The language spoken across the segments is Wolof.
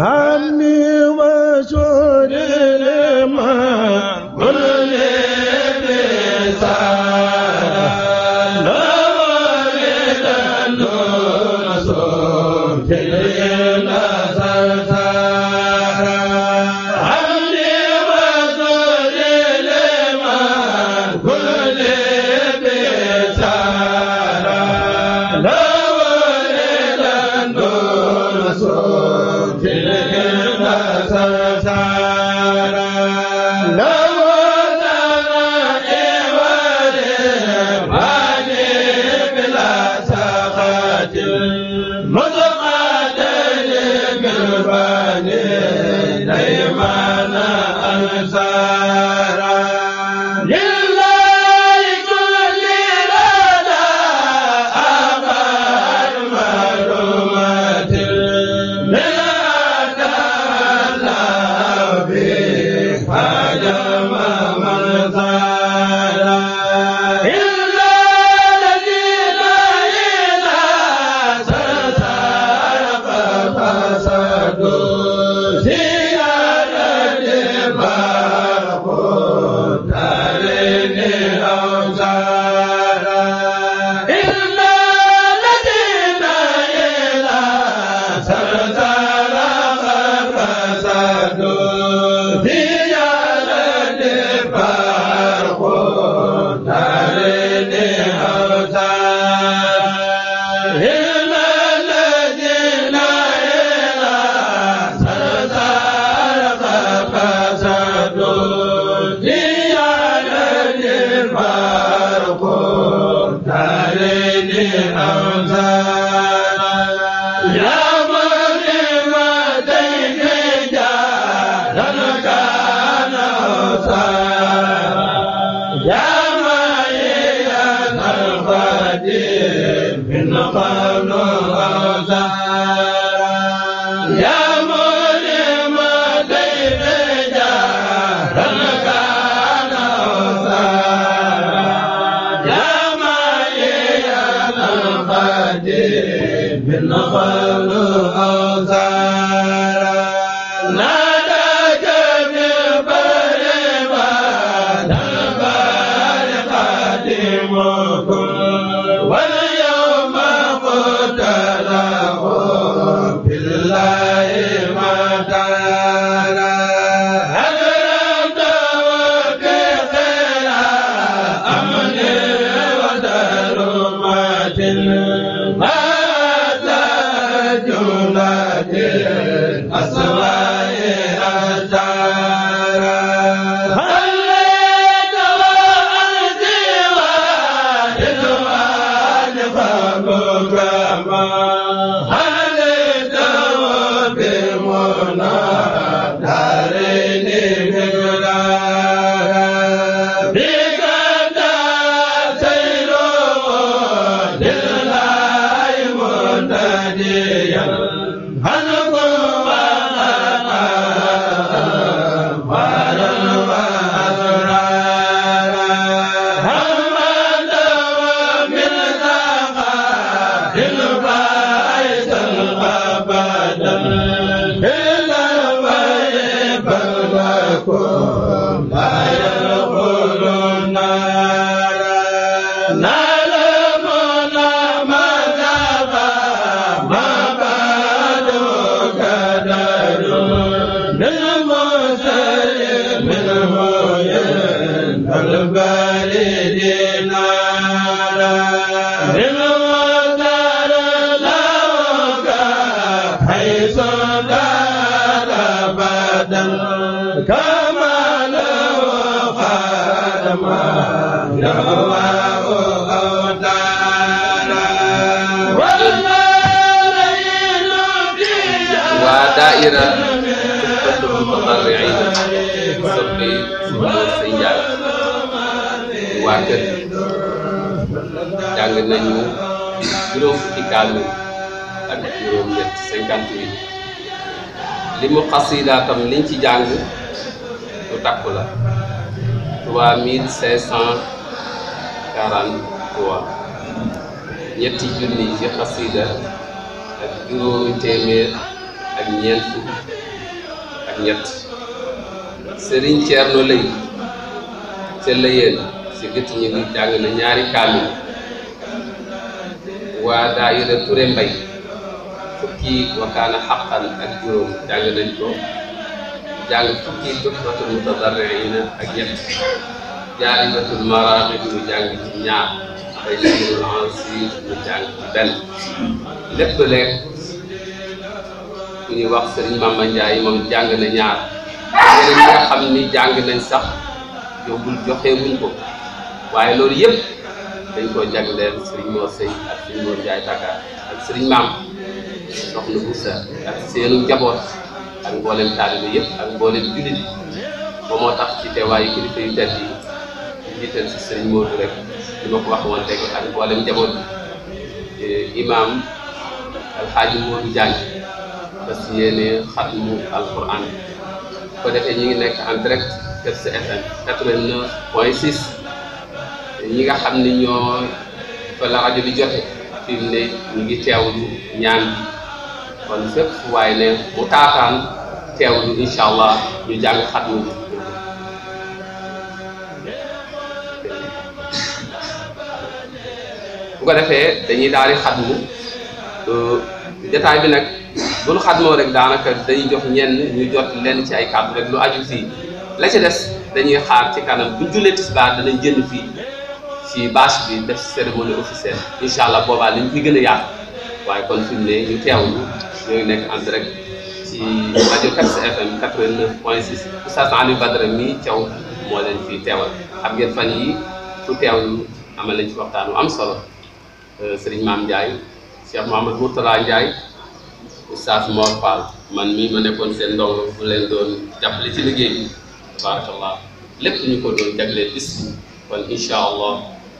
amiin waa daaira Tuhfatul Mutatarri'in soppe si góor say jàng waa kër jàng nañu juróom fukki kaamil ak juróom ñett cinquante mille li mu xasiida tam liñ ci jàng lu takku la trois mille cinq cent 43 ñetti junni ci xasida ak juróomi téeméer ak ñeent ak ñett sëriñ Ceerno lay ca layeen si gët ñu jàng na ñaari kaamil waa daayira Ture Mbay fukki wakaana xaqan ak juróom jàng nañ ko jàng fukki tuhfatul mutadarriina ak ñett jaalibatul maraaxib mu jàng ci ñaar ay sirul ansi jàng benn lépp lekk ku ñuy wax sëriñ njaay Ndiaye moom jàng na ñaar yeneen ñi nga xam ni jàng nañ sax yóbbul joxe wuñ ko waaye loolu yëpp dañ koo jagleel sëriñ Mor Seye ak sëriñ Mor Ndiaye Dakar ak sëriñ maam ak seenu njaboot ak mboolem taalibe yëpp ak mboolem jullit ba moo tax ci teewaayu kilifa yu tedd yi jiital si sëriñ Modou rek li ma ko wax woon léegi ak mboolem njaboot eh, imaam alxaaji Modou Diagne parce que xatmu alquran bu ko defee ñi ngi nekk en direct Kërsi FM 89 point eh, nga xam ni ñoo fa rajo di jote fi mu ne ñu ñaan bi kon fépp waaye ne mu taataan teewlu allah ñu jàng xatmu bu ko defee dañuy daal di xatmu euh, jataay bi nag bu xat moo rek daanaka dañuy jox ñenn ñu jot lenn ci ay kàddu rek lu aju fii la ci des dañuy xaar ci kanam bu jullee tisbaar danañ jënd fii ci bâche bi def cérémonie officielle incha allah boobaa liñ fi gën a yaatu waaye kon fi mu ne ñu teewlu ñooy nekk en direct ci rajo Kats FM 89 point 6 Oustaz Aliou Badara mi Thiaw moo leen fi teewal xam ngeen fan yi fu teewlu amal nañ ci waxtaan wu am solo. Euh, sëriñ maam Ndiaye Cheikh Mouhamed Mourtala Ndiaye Oustaz Mor Fall man mii ma nekkoon seen ndongo bu leen ci liggéey bi tabarakallah lépp ñu ko doon jagleel bis bi kon incha allah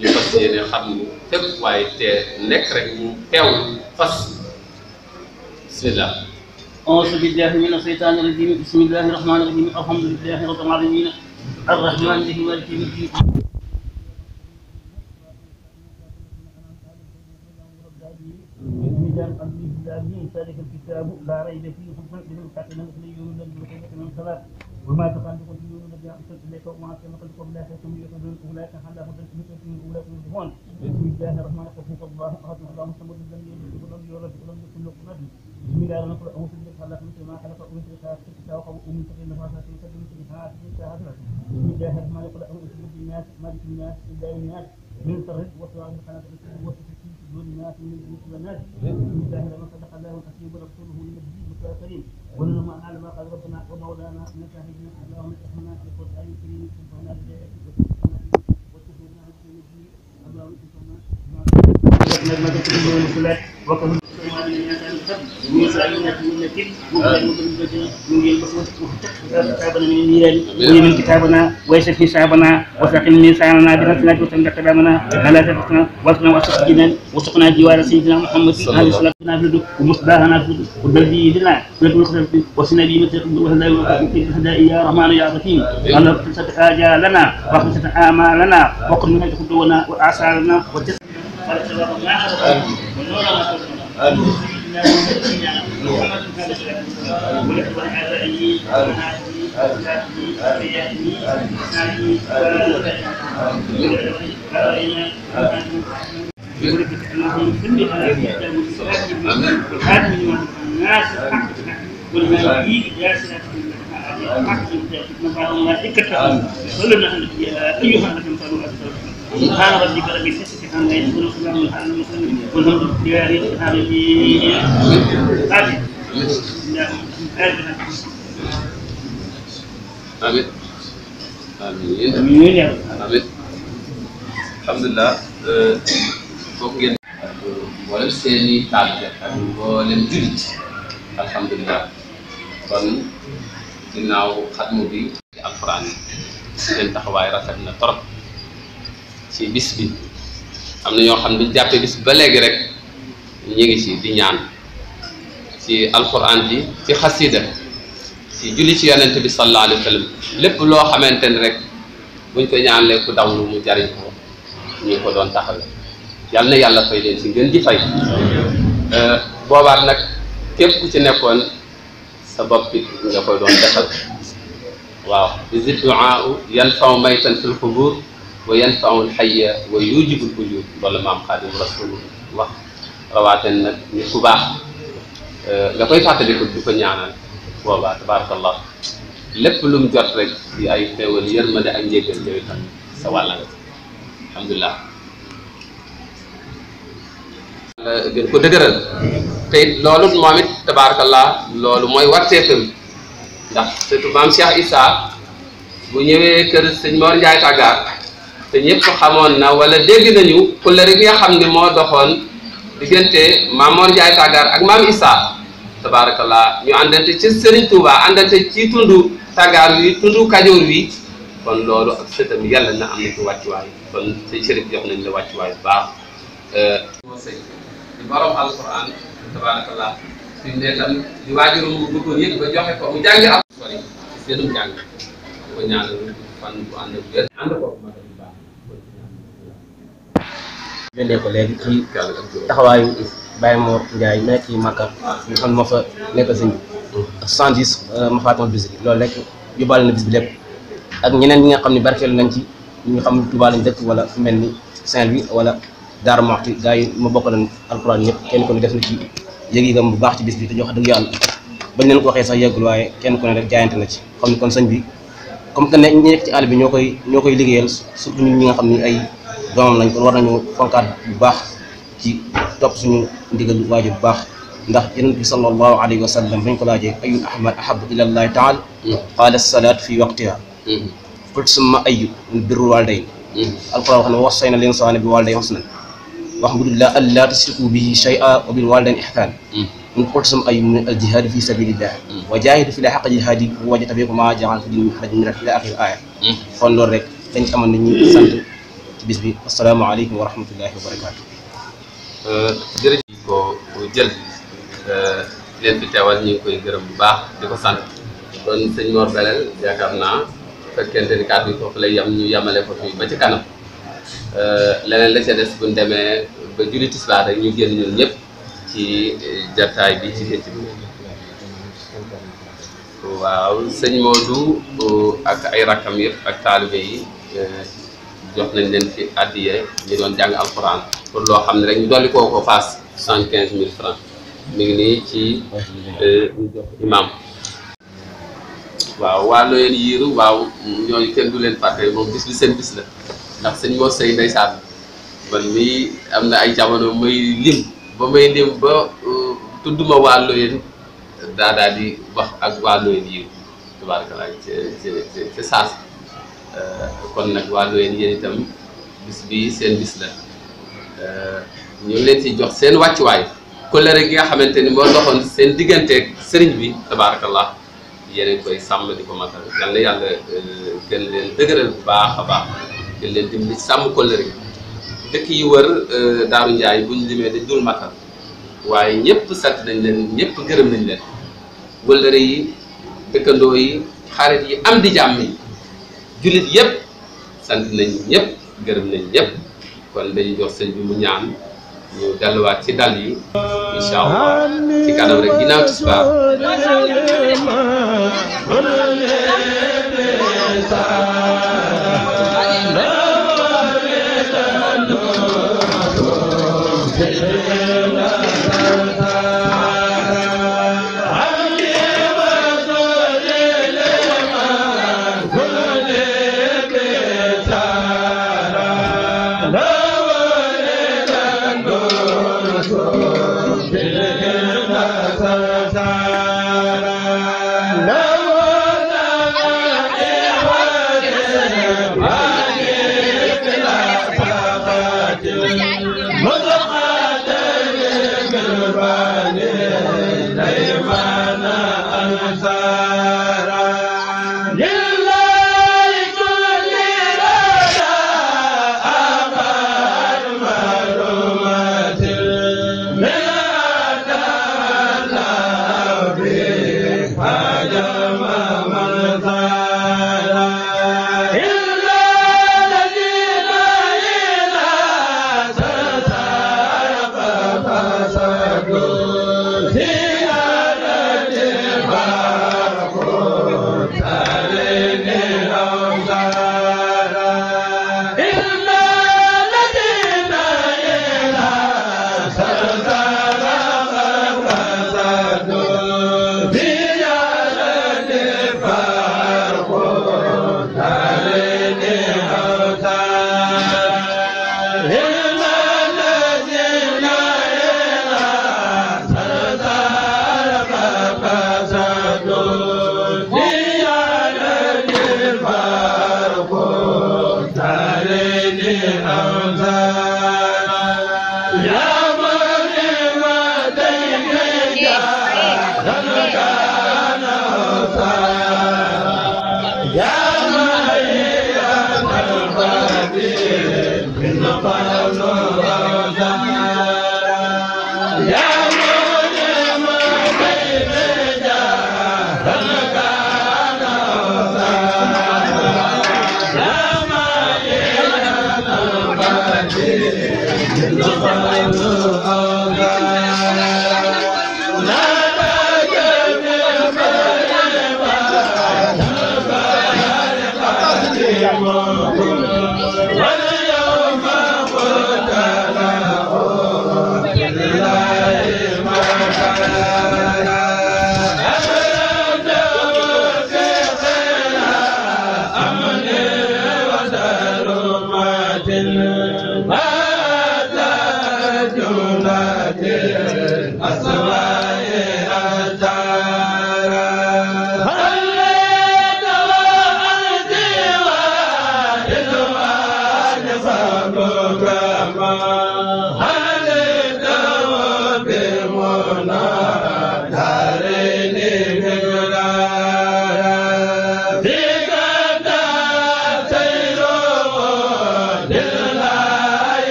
ñu fas yéene xam ni fépp waaye te nekk rek mu teew fas bismillah أعوذ بالله من الشيطان الرجيم بسم الله الرحمن الرحيم الحمد لله رب العالمين الرحمن الرحيم مالك يوم الدين ذلك الكتاب لا ريب فيه هدى للمتقين الذين يؤمنون بالغيب من الصلاة وما تقدم يؤمنون بها أحسن إليك وما كان قد قبل ذلك ثم يؤمنون أولئك على هدى من أولئك يفلحون بسم الله الرحمن الرحيم الله أحد الله الصمد لم يلد ولم يولد ولم يكن له كفوا أحد بسم الله الرحمن الرحيم أعوذ بك خلق مثل ما خلق ومثل خلق كتاب ومن تقي نفاسه تقدم مثل هذه الشهادة بسم الله الرحمن الرحيم أعوذ بك الناس مالك الناس إله الناس من شر الوسواس الخناس والوسواس الناس من مثل الناس بالله لما صدق الله الحكيم ورسوله النبي الكريم ولما على ما قد ربنا ومولانا انك هدنا اللهم افتحنا في القران الكريم وانفعنا بآياتك وتفهمنا بالدين اللهم افتحنا وكمل ويجعلنا في ملة مخرج مخرجنا ونجعل النيران ويمن كتابنا ويسر حسابنا وسقنا ميزاننا بنفسنا وسلم كتابنا ولا تفتنا وقنا واسق جنان وسقنا جوار سيدنا محمد هذه صلاتنا بلد ومصباحنا بلد والذي لنا بلد الخلف وسنا بما تقبل وهلا الهداء يا رحمن يا رحيم اللهم اغفر حاجة لنا واغفر آمالنا وقل من خدونا وأعسالنا وجسدنا ونورنا سبحان ربك رب العزة عما يصفون وسلام على المرسلين والهم بالديار حاملين آمين آمين آمين آمين يا رب آمين الحمد لله foog ngeen. mboolem seen i tànn ak mboolem jullit alhamdulilah kon ginnaaw xatmu bi ci alquran seen taxawaay rafet na trop ci bis bi. am na ñoo xam ne jàppee bis ba léegi rek ñu ngi ci di ñaan ci alquran bi ci xasida ci julli ci yonent bi sallallahu alayhi lépp loo xamante ni rek buñ ko ñaanlee ku dawlu mu jariñ ko ñu ko doon taxawee yal na yàlla fay leen ci ngeen di fay euh, boobaat nag képp ku ci nekkoon sa bopp it nga koy doon defal waaw bisid duaa yan faw maytan fil xubur wa yanfaul xayya wa yujibul ujub loolu maam xaadim rasul wax rawaaten nag nit ku baax nga koy fàttaliku du ko ñaanal boobaa tabarakallah lépp lu mu jot rek ci ay xéewal yërmande ak njéggal yow itam sa wàll nga alhamdulilah gën ko dëgëral te loolu moom it loolu mooy warteefam ndax surtout maam Cheikh Issa bu ñëwee kër sëñ Mor Ndiaye Tàggaar te ñëpp xamoon na wala dégg nañu kulle rek nga xam ne moo doxoon diggante Maamoor Njaay Tàggaar ak maam Issa tabaarakallah ñu àndante ci Serigne Touba àndante ci tundu Tàggaar wi tundu Kajoor wi kon loolu ak sëtam yàlla na am na ci wàccuwaay kon sëñ Chérif jox nañ la wàccuwaay bu baax. moo jëndee ko léegi ci taxawaayu Baye Mor Ndiaye mais ci Màkka nga xam ne moo fa nekk sëñ bi ak mm-hmm. cent dix euh, ma faatama loolu rek yóbbaale na bis bi lépp ak ñeneen ñi nga xam ne barkeelu nañ ci ñu nga xam Tuubaa lañ dëkk wala fu mel ni Saint-Louis wala Daaru Muxti yi ma bokk nañ alxuraan ñëpp kenn ko ne def na ci yëg-yëgam bu baax ci bis bi te jox dëgg yàlla bañ leen ko waxee sax kenn ku ne rek na ci xam ne kon sëñ bi comme que ne ñi nekk ci àll bi ñoo koy ñoo koy liggéeyal surtout ñun ñi nga xam ne ay doomam lañ kon war nañu fonkaat bu baax ci topp suñu ndigal waajur bu baax ndax yonent bi sallallahu alayhi wa sallam bañ ko laajee ayul ahmad ahabu ila llahi taala hmm. qaala salaatu fi waqtiha hmm. qul summa ayu birru walidayn hmm. alquran wax ne wassayna linsaana bi walidayn husnan wax budullah an laa tusriku bihi shay'a wa bil walidayn ihsan in qul summa ayu min al jihadi fi sabilillah wa jahidu fi la xaqa jihadi wa wajtabikum ma jaal fi din min xaraj min ila axiri aaya kon loolu rek dañ amoon nañu sant ci bis bi asalaamaaleykum wa barakaatu. Euh, jël euh, leen fi teewal ñu ngi koy gërëm bu baax di ko sant kon sëñ Mor Belel yaakaar naa fekkente ni kàddu yi foofu lay yam ñu yamale ko fii ba ci kanam euh, leneen la ca des bu demee ba julli tisbaar ñu génn ñun ñëpp ci jataay bi ci gént bi waaw sëñ Modou ak ay rakkam yëpp ak taalibe yi jox nañ leen fi addiye ñu doon jàng alxuraan pour loo xam ne rek ñu dolli koo ko faas cent quinze mille francs mi ngi nii ci ñu euh, jox imam waaw waa Loyeen Yiiru waaw ñooñu kenn du leen fàtte moom bis bi seen bis la ndax sëñ moo sëy ndeysaan man mii am na ay jamono may lim ba may lim ba euh, tudduma waa Loyeen daa daal di wax ak waa Loyeen Yiiru tabaarkalla ci ci ci saas Euh, kon nag waa Loyeen yéen itam bis bi seen bis la euh, ñu ngi leen ci jox seen wàccuwaay kóllëre gi nga xamante ni moo doxoon seen digganteek sëriñ bi tabaarakallah yéen a ngi koy sàmm di ko matal yàlla euh, gën leen dëgëral bu baax a baax gën leen dimbali sàmm kóllëre gi dëkk yi wër Daaru Njaay buñ limee dañ dul matal waaye ñëpp sat dañ leen ñëpp gërëm nañ leen kóllëre yi dëkkandoo yi xarit yi am di jàmm yi jullit yépp sant nañ ñëpp gërëm nañ ñëpp kon dañuy jox sëñ bi mu ñaan ñu delluwaat ci dal yi incha allah ci kanam rek ginnaaw tisbaar la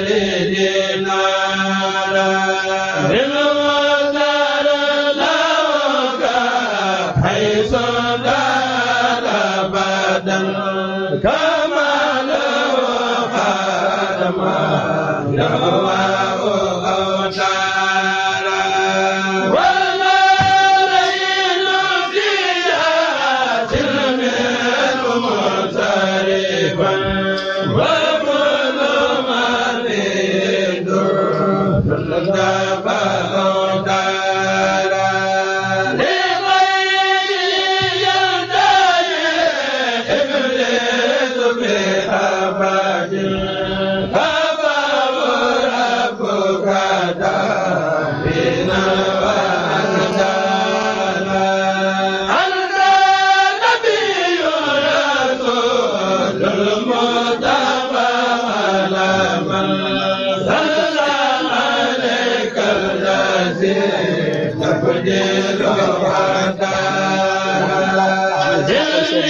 leen seen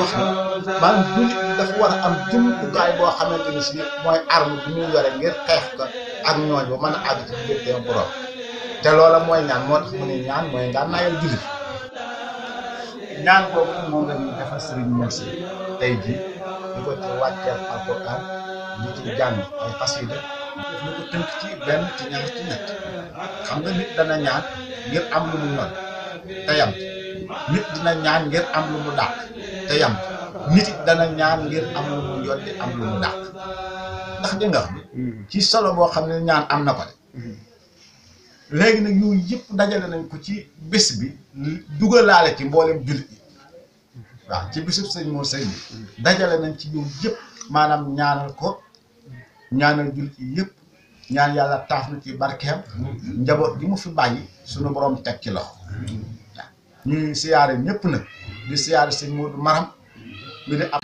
wax na maanaam jullit bi dafa war a am jumtukaay boo xamante ni si mooy arme bu ñuy yore ngir xeex ak ñooñ ba mën a àgg ci digganteem borom te loola mooy ñaan moo tax mu ne ñaan mooy ngaan naayal jullit ñaan boobu moom la ñuy defal sëriñ Mursi tey jii ñu ko ci wàcceel alquran ñu nit dana ñaan ngir am lu mu ñor teyam nit dina ñaan ngir am lu mu dàq te yam nit dana ñaan ngir am lu mu yotti am lu mu dàq ndax di nga hmm. ci solo boo xam ne ñaan am na ko de hmm. léegi nag yooyu yëpp dajale nañ ko ci bés bi dugalaale ci mboolem jullit yi waaw ci bisu sëñ moo sëñ bi hmm. dajale nañ ci yooyu yëpp maanaam ñaanal ko ñaanal jullit yi yëpp ñaan yàlla taaf na ci barkeem njaboot gi mu fi bàyyi sunu boroom teg ci loxo ñu ngi siyaare ñëpp nag di siyaare sëñ Modou Maram bi di am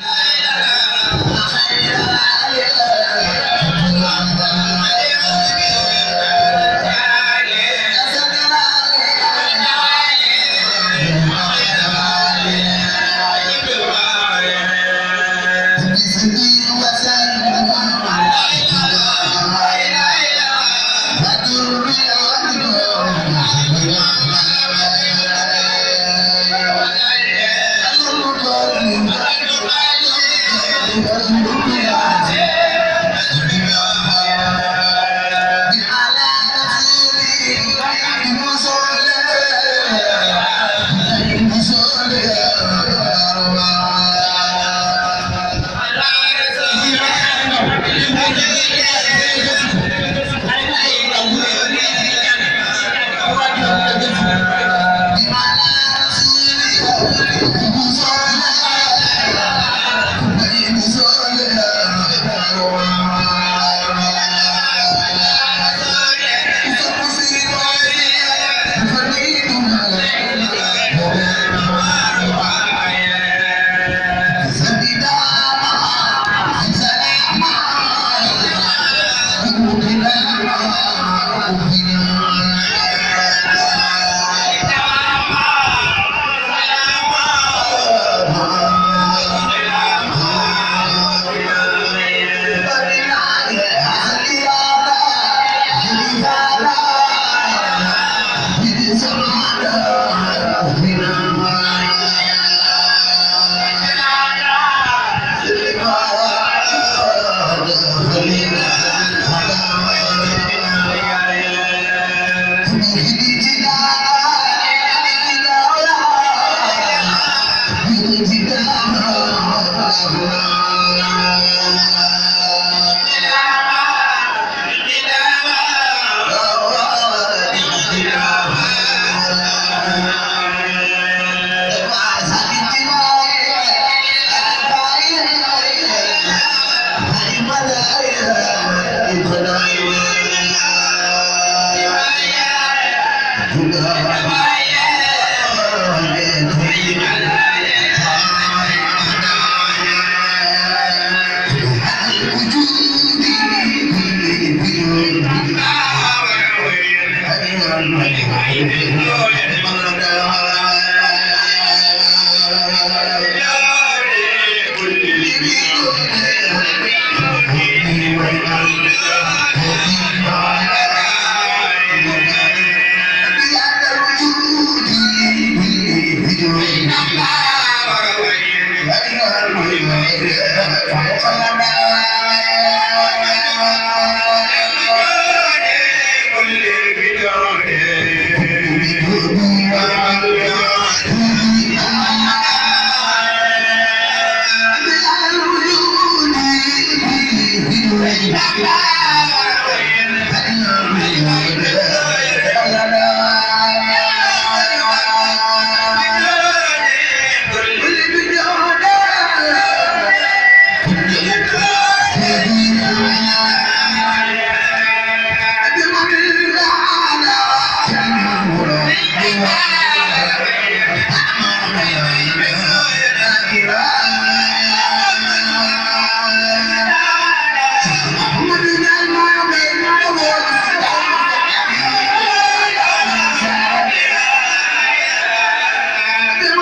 Thank you.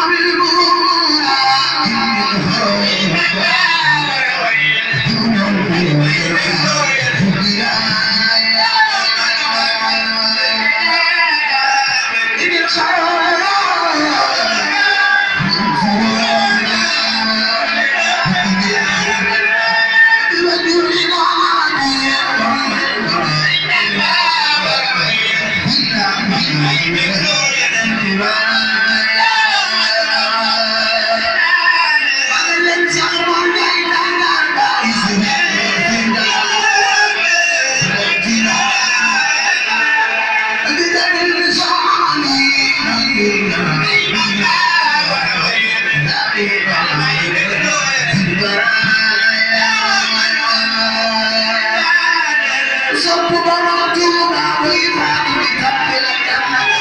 Vamos abrir يصب بناطيل بعض فاتم كبل الجنة